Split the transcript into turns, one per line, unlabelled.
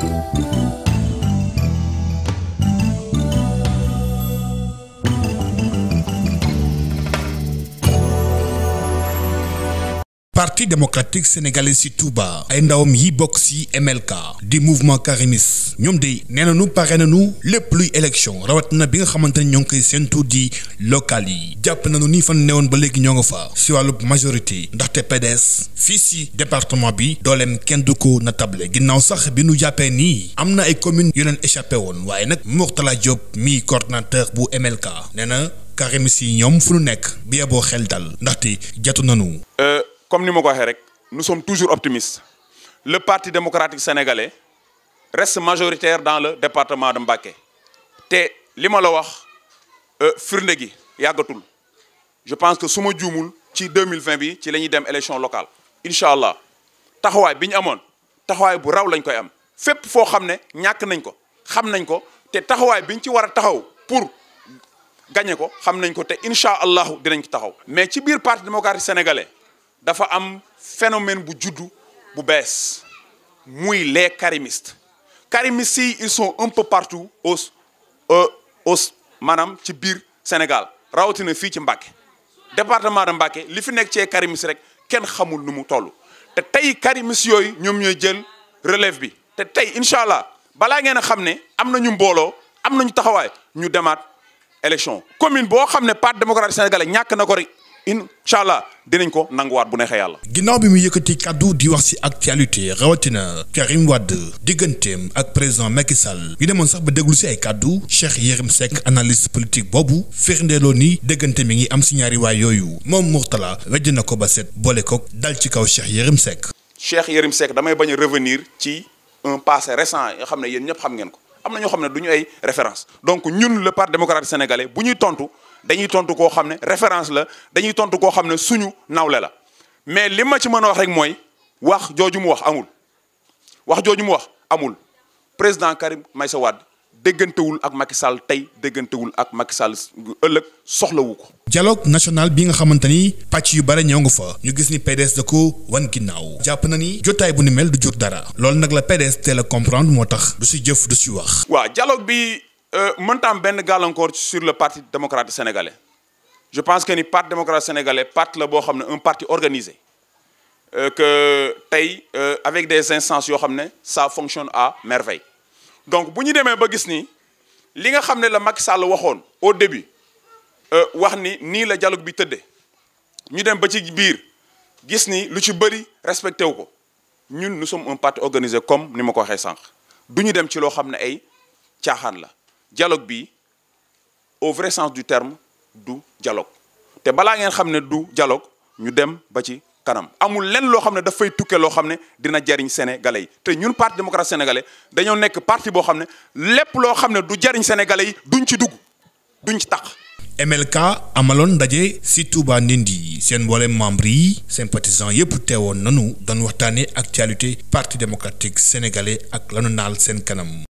thank you parti démocratique sénégalais si Touba ay ndawam yi bokk si MLK di mouvement karimis ñoom de nee na nu pare nañu lépp luy élection rawat na bi nga xamante ne ñoo ngi koy séentu di local yi jàpp nañu ni fan newoon ba léegi ñoo ngi fa si wàllub majorité ndaxte PDS fii si département bi dooleem kenn du ko na table ginnaaw sax bi nu jàppee nii am na ay communes yu leen échappé woon waaye nag Mourtala Diop mi coordonnateur bu MLK nee na karimis yi ñoom fu nu nekk bi yeboo xel ndaxte jatu nañu
euh, comme ni ma ko waxee rek nous sommes toujours optimistes le parti démocratique sénégalais reste majoritaire dans le département de Mbacké te li ma la wax euh, firnde gi yàggatul je pense que su ma juumul ci 2020 bi ci la ñuy dem élection locale incha allah taxawaay bi ñu amoon taxawaay bu raw lañ koy am fépp foo xam ne ñàkk nañ ko xam nañ ko te taxawaay biñ ci war a taxaw pour gagner ko xam nañ ko te incha allahu dinañ taxaw mais ci biir parti démocratique sénégalais dafa am phénomène bu juddu bu bees muy les karimistes karimistes yi ils sont un peu partout au euh, au maanaam ci biir Sénégal rawatina fii ci Mbacké département de Mbacké li fi nekk ci karimistes rek kenn xamul nu mu toll te tey karimistes yooyu ñoom ñooy jël relève bi te tey incha allah balaa ngeen a xam ne am nañu mbooloo am nañu taxawaay ñu demaat élection commune boo xam ne parti démocratique sénégalais ñàkk na ko rek incha allah dinañ ko nanguwaat bu neexee yàlla.
ginnaaw bi mu yëkkati kàddu di wax ci actualité rawatina Karim Wade digganteem ak président Macky Sall yu demoon sax ba déglu ci ay kàddu Cheikh Yérim Seck analyste politique boobu firndeeloo ni déggante mi ngi am si ñaari waay yooyu moom Mourtala wedd na ko ba set boole ko dal ci kaw Cheikh Yérim Seck.
Cheikh Yérim Seck damay bañ a revenir ci un passé récent yoo xam ne yéen ñëpp xam ngeen ko am na ñoo xam ne du ñu donc ñun le parti démocratique sénégalais bu ñuy tontu. dañuy tontu koo xam ne référence la dañuy tontu koo xam ne suñu nawle la mais li ma ci mën a wax rek mooy wax jooju mu wax amul wax jooju mu wax amul président Karim Meïssa waat déggantewul ak Macky Sall tey déggantewul
ak Macky Sall ëllëg soxlawu ko. dialogue national bi nga xamante ni pàcc yu bare ñoo ngi fa ñu gis ni PDS da ko wan ginnaaw jàpp na ni jotaay bu ni mel du jur dara loolu nag la PDS tele a comprendre moo tax du si jëf du si wax.
waaw dialogue Euh, mënta am benn gàllankoor sur le parti démocrate sénégalais je pense que ni parti démocrate sénégalais parti la boo xam ne un parti organisé euh, que tey euh, avec des instances yoo xam ne ça fonctionne à merveille donc bu ñu demee ba gis ni li nga xam ne la Macky Sall waxoon au début wax ni nii la dialogue bi tëddee ñu dem ba ci biir gis ni lu ci bëri respecté wu ko ñun nu sommes un parti organisé comme ni ma ko waxee sànq du ñu dem ci loo xam ne ay caaxaan la. dialogue bi au vrai sens du terme du dialogue te balaa ngeen xam ne du dialogue ñu dem ba ci kanam amul lenn loo xam ne dafay tukke loo xam ne dina jariñ sénégalais yi te ñun parti démocrate sénégalais dañoo nekk parti boo xam ne lépp loo xam ne du jariñ sénégalais yi
duñ ci dugg duñ ci taq MLK amaloon ndaje si Touba Ndindi seen mboolem membres yi seen sympathisants yëpp teewoon nanu doon waxtaanee actualité parti démocratique sénégalais ak lanu naal seen kanam